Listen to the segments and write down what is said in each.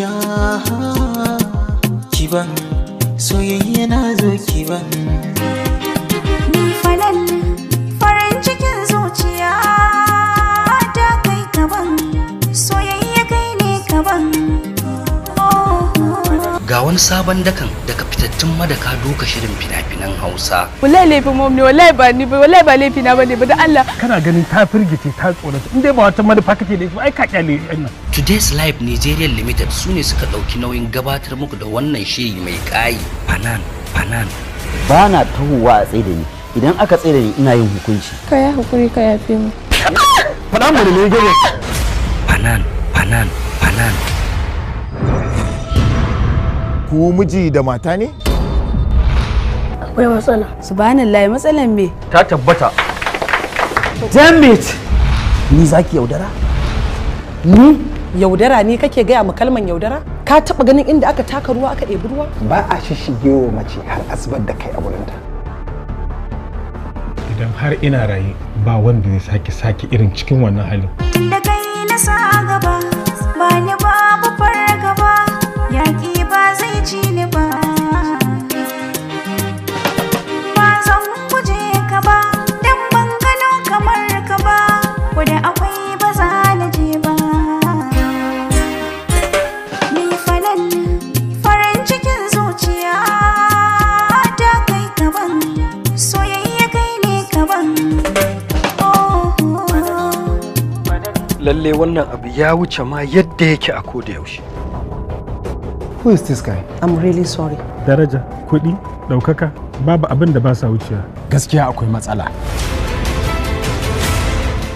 ja kiban soyayya na zo kiban ni falalle wani sabon dakan daga fitattun madaka doka shirin fina-finan Hausa. Wallahi laifin mom ne, wallahi ba ni ba, wallahi ba laifi na bane ba Allah. Kana ganin ta firgice ta tsorata, in dai ba wata manufa kake da ai ka kyale nan. Today's Life Nigeria Limited su ne suka ɗauki nauyin gabatar muku da wannan shiri mai ƙayi. Fanan, Fanan. Ba na tahowa a tsaye da ni, idan aka tsaye da ni ina yin hukunci. Ka ya hakuri ka yafe mu. Faɗa mu ne Nigeria. Fanan, Fanan, Fanan. ku miji da mata ne? Akwai matsala. Subhanallah matsalan me? Ta tabbata. Damn it! Ni zaki yaudara? Ni? Yaudara ni kake gaya mu kalman yaudara? Ka taɓa ganin inda aka taka ruwa aka ɗebi ruwa? Ba a shishige wa mace har asibar da kai a wurinta. Idan har ina raye ba wanda zai sake sake irin cikin wannan halin. Da kai na sa gaba. lalle wannan abu ya wuce ma yadda yake a koda yaushe who is this guy i'm really sorry daraja kuɗi ɗaukaka babu abin da ba sa wucewa gaskiya akwai matsala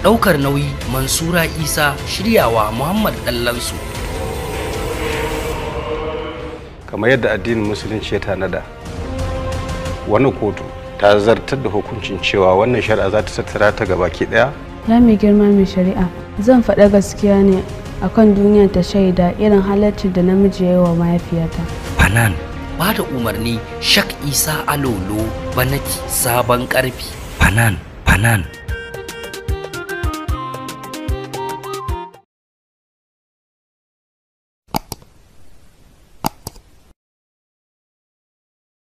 ɗaukar nauyi mansura isa shiryawa muhammad ɗallansu kamar yadda addinin musulunci ya tanada wani kotu ta zartar da hukuncin cewa wannan shari'a za ta tattara ta gaba ki ɗaya. Na mai girma mai shari'a zan faɗa gaskiya ne akan duniyar ta shaida irin halarci da namiji ya yi wa mahaifiyata fanan ba da umarni shak isa alolo banaki sabon ƙarfi fanan fanan